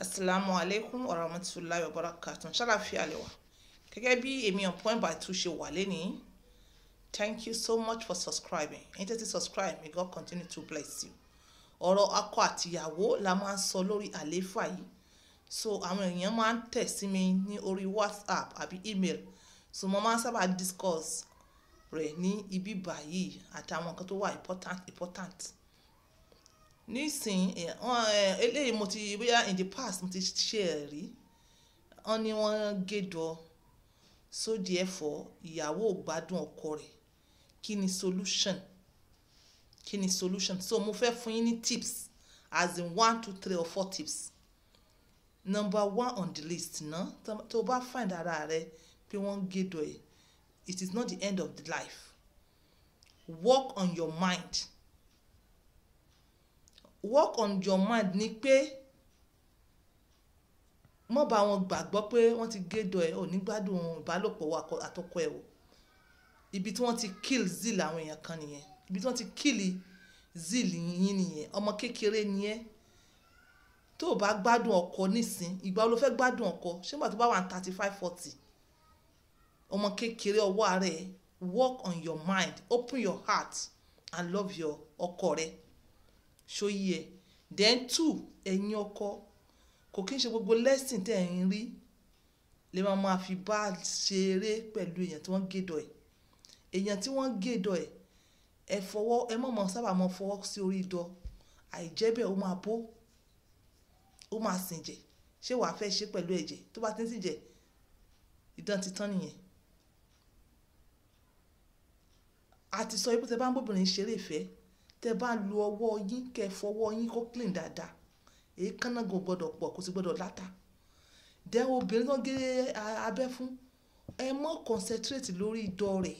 asalaamu aleykum wa rahmatulahi wa barakatuh ṣàlàfíà lẹ́wà gẹ́gẹ́ bí èmi on point by two ṣe wà lẹ́nìí thank you so much for subscribing ẹni tẹ́tí subscribe may God continue to bless you ọ̀rọ̀ akọ àtìyàwó la máa ń sọ lórí àlééfà yìí so àwọn èèyàn máa ń tẹ̀ sí mi ní orí whatsapp àbí email so mo máa ń sábà discuss rẹ̀ ní ibi báyìí àtàwọn nǹkan tó wà important important nísìn eléyìí mo ti bóyá in the past mo ti ṣe ẹ̀ rí wọ́n ní wọ́n gédò so therefore ìyàwó ò gbádùn ọkọ rẹ̀ kí ni solution kí ni solution so mo fẹ́ fún yín ní tips as in one two three or four tips number one on the list ná tó bá find ara rẹ pé wọ́n gédò ẹ̀ it is not the end of the life work on your mind work on your mind ni pé mọ́ bá wọn gbàgbọ́ pé wọ́n ti gédọ̀ ẹ̀ ò ní gbádùn ìbálòpọ̀ àtọkọ ẹ̀ o ibi tí wọ́n ti kill zeal àwọn èèyàn kan nìyẹn ibi tí wọ́n ti kill zeal yín nìyẹn ọmọ kékeré ni ẹ́ tó o bá gbádùn ọkọ nísìn ìgbà wo ló fẹ́ gbádùn ọkọ ṣé nígbà tó bá wà ní thirty five forty ọmọ kékeré ọwọ́ rẹ̀ work on your mind open your heart and love your ọkọ rẹ̀ ṣóyí ẹ then two ẹ̀yin ọkọ kò kí n ṣe gbogbo lesson tẹ́ ẹ̀ ń rí lè máa máa fi bá a ṣeré pẹ̀lú èèyàn tí wọ́n gèdọ̀ ẹ̀ èèyàn tí wọ́n gèdọ̀ ẹ̀ ẹ fọwọ́ ẹ mọ̀ mọ̀ sábà mọ̀ fọwọ́ sí orí idọ àìjẹ́bẹ̀ ó máa bó ó máa sìn jẹ ṣé wàá fẹ́ ṣe pẹ̀lú ẹ̀jẹ̀ tó bá ti ń sìn jẹ ìdán ti tán nìyẹn a ti sọ yìí pé tẹ bá ń bóbìnrin ṣeré ìfẹ́ tẹ bá lu ọwọ́ yín kẹ fọwọ́ yín kó clean dáadáa èékánná gan gbọ́dọ̀ pọ̀ kó sì gbọ́dọ̀ láta dẹ obìnrin náà gé abẹ́ fún ẹ mọ́ concentrate lórí idọ́ rẹ̀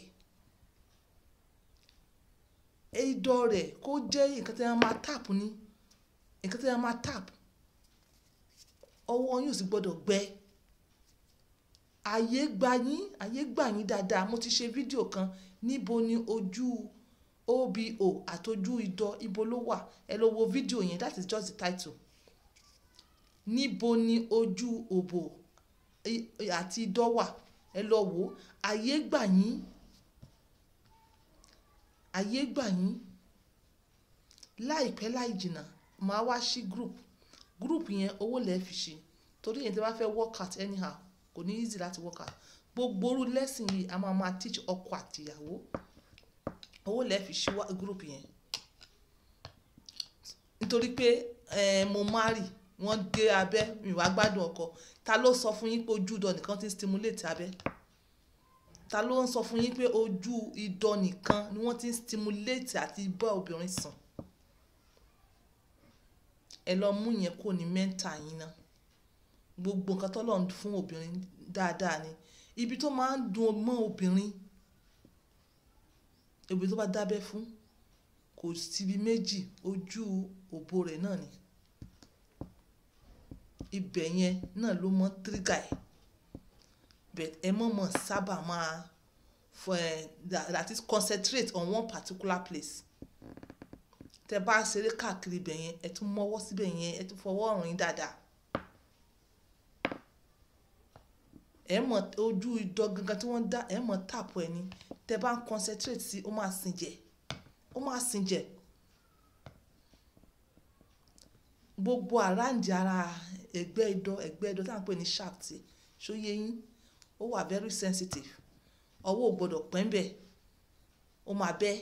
idọ́ rẹ̀ kó jẹ́ nǹkan tí wọ́n máa tap ní nǹkan tí wọ́n máa tap ọwọ́ yín ò sì gbọ́dọ̀ gbẹ àyè gbà yín àyè gbà yín dáadáa mo ti ṣe fídíò kan níbo ni ojú obo àtọ́jú idọ ibo ló wà ẹ lọ wo fídíò yẹn that is just the title níbo ni ojú òbò àti idọ wà ẹ lọ wò àyè gbà yín àyè gbà yín láìpẹ́ láì jìnnà màá wá sí group group yẹn owó lẹ́ẹ̀ fi ṣe torí yẹn tí wọ́n fẹ́ work out anyhow kò ní easy láti work out gbogbo orú lẹ́sìn yìí a máa máa teach ọkọ àtìyàwó owó lẹ́ẹ̀ fi ṣíwá group yẹn nítorí pé mo mari, wọ́n dé abẹ́ mi wá gbádùn ọkọ ta ló sọ fún yín pé ojú ìdọ̀ nìkan ti ń stimulate abẹ́ ta ló ń sọ fún yín pé ojú ìdọ̀ nìkan ni wọ́n ti ń stimulate àti bá obìnrin sùn ẹ lọ mú yẹn kó ní mẹ́ńtà yín ná gbogbo nǹkan tọ́lọ́run fún obìnrin dáadáa ni ibi tó máa ń dùn mọ́ obìnrin ebi tó bá dábẹ́ fún kò síbi méjì ojú òbó rẹ̀ náà ni ibẹ̀ yẹn náà ló mọ tírígà ẹ̀ but ẹ mọ̀ mọ̀ sábà máa for that, that is concentrate on one particular place tẹ bá ṣeré káàkiri ibẹ̀ yẹn ẹ tún mọ́wọ́ síbẹ̀ yẹn ẹ tún fọwọ́ ọ̀rùn yín dáadáa ẹ mọ̀ ojú idán gangan tí wọ́n dá ẹ mọ̀ tàpọ̀ ẹ ní tẹ bá ń concentrate sí ó máa sìn jẹ ó máa sìn jẹ gbogbo àráǹdì ara ẹ̀gbẹ́ idan ẹ̀gbẹ́ idan tá à ń pè ní shaft ṣóyé yín ó wà very sensitive ọwọ́ ò gbọ́dọ̀ pẹ́ ń ó máa bẹ́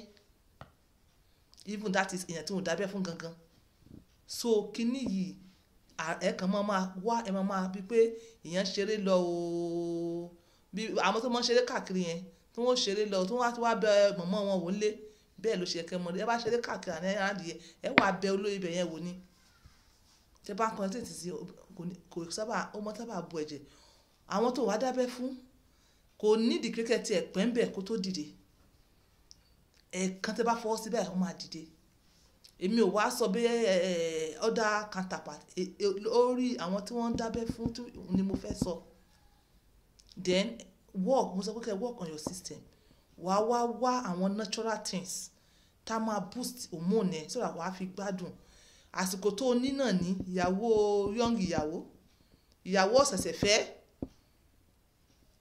even that is èèyàn tí mo dábẹ́ fún gangan so kinní yìí ẹ kàn máa máa wá ẹ máa máa bíi pé èèyàn ṣeré lọ ooo bí àwọn tó máa ń ṣeré káàkiri yẹn tí wọ́n ṣeré lọ tí wọ́n wá bẹ mọ̀mọ́ wọn wò lé bẹ́ẹ̀ ló ṣe kẹ́ mọ́ ẹ bá ṣeré káàkiri àná ẹ̀rọ adìyẹ ẹ wà bẹ olóyè ibẹ̀ yẹn wò ni tẹ bá kan tètè sí kò sábà ó mọ́ sábà bu ẹ̀jẹ̀ àwọn tó wà dábẹ́ fún kò nídìí kíríkẹ́ tiẹ̀ pẹ́ ń bẹ̀ kó tó dìde ẹ̀ẹ̀kan tẹ bá fọwọ́ sí báyìí ó máa dìde èmi ò wá sọ bí ọ̀dà counterpart orí e, e, àwọn tí wọ́n ń dábẹ́ fún ni mo fẹ́ sọ then work mo sọ pé kẹ́ work on your system wà á wá wá àwọn natural things tá a máa boost hormone ẹ so that wà á fi gbádùn àsìkò tó o ní náà ní ìyàwó young ìyàwó ìyàwó ọ̀sẹ̀sẹ̀ fẹ́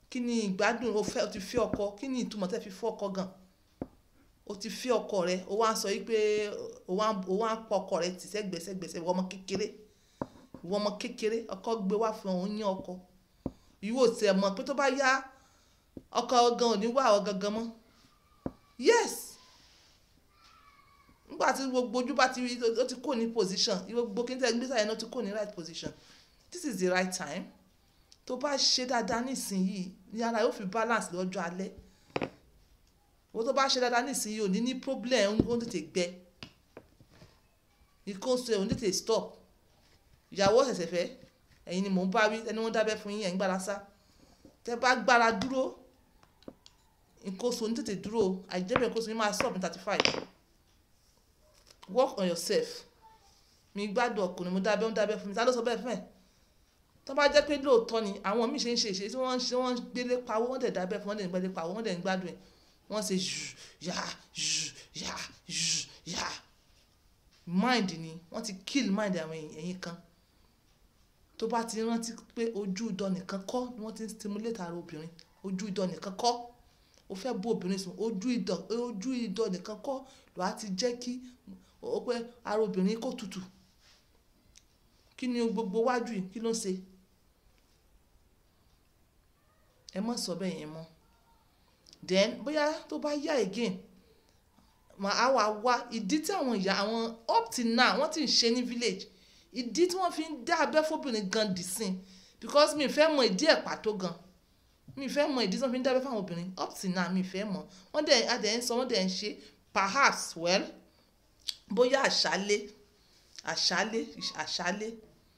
kí ni ìgbádùn o fẹ́ o ti fi ọkọ kí ni ìtumọ̀ tẹ́ fi fọ́ ọkọ gan o ti fi ọkọ rẹ o wá ń sọ yìí pé o wá ń pa ọkọ rẹ tì sẹ́gbẹ̀sẹ́gbẹ̀sẹ́ ìwọ ọmọ kékeré ìwọ ọmọ kékeré ọkọ gbé wá fún òun yín ọkọ ìwọ ò tẹ̀ mọ̀ pé tó bá yá ọkọ gan ò ní wá ọ gangan mọ́ yes nígbà tí gbogbo ojú bá ti rí ó ti kó ní position gbogbo kí n tẹ́ gbé sáyẹn náà ti kó ní right position this is the right time tó bá ṣe dáadáa nísìnyí ni ara yóò fi balance lọ́jọ́ alẹ́ owó tó bá ṣe dáadáa nísìnyí ò ní ní problem ó ń tètè gbẹ ìkóso ẹ̀ ò ní tètè stop ìyàwó ṣẹ̀ṣẹ̀ fẹ́ ẹ̀yin ni mò ń bá wí ẹni wọ́n dábẹ́ fún yín ẹ̀ ń gbára sá tẹ́ bá gbára dúró nǹkan oṣù ní tètè dúró àìjẹ́bẹ̀ẹ́ nǹkan oṣù mi máa stop ní thirty five work on yourself mi gbádùn ọkùnrin mo dábẹ́ mo dábẹ́ fún mi ta ló sọ bẹ́ẹ̀ fún ẹ̀ tó bá jẹ́ pé lóòótọ́ ni àwọn míì ṣe ń ṣe ìṣe tí wọ́n ń ṣe wọ́n ń gbélé pawó wọ́n dẹ̀ dábẹ́ fún wọ́n dẹ̀ ń gbélé pawó wọ́n dẹ̀ ń gbádùn ẹ̀ wọ́n ṣe yù yà yù yà yù yà mind ni wọ́n ti kill mind àwọn ẹ̀yìn kan tó bá ti rántí pé ojú idán nìkan kọ́ ni wọ́n ti ń stimulate ara obìnrin ojú idán nìkan kọ́ o fẹ́ bú obìnrin sùn ojú idọ̀ ojú idọ̀ nìkan kọ́ lọ́wọ́ á ti jẹ́ kí o pé ara obìnrin kò tutù kí ni gbogbo wájú yìí kí ló ń ṣe ẹ má sọ bẹ́ẹ̀ yẹn mọ́ then bóyá tó bá yá again mà á wà wá ìdí tí àwọn ìyá àwọn up till now wọ́n ti ń ṣe ní village ìdí tí wọ́n fi ń dá abẹ́ fóbìnrin gan dìsín because mi fẹ́ mọ ìdí ẹ̀ pàtó gan mi fẹ́ mọ ìdí tí wọ́n fi ń dábẹ́ fáwọn obìnrin up till now mi fẹ́ mọ wọ́n dẹ̀ adẹ̀ ń sọ wọ́n dẹ̀ ń ṣe perhaps well bóyá àṣálẹ́ àṣálẹ́ àṣálẹ́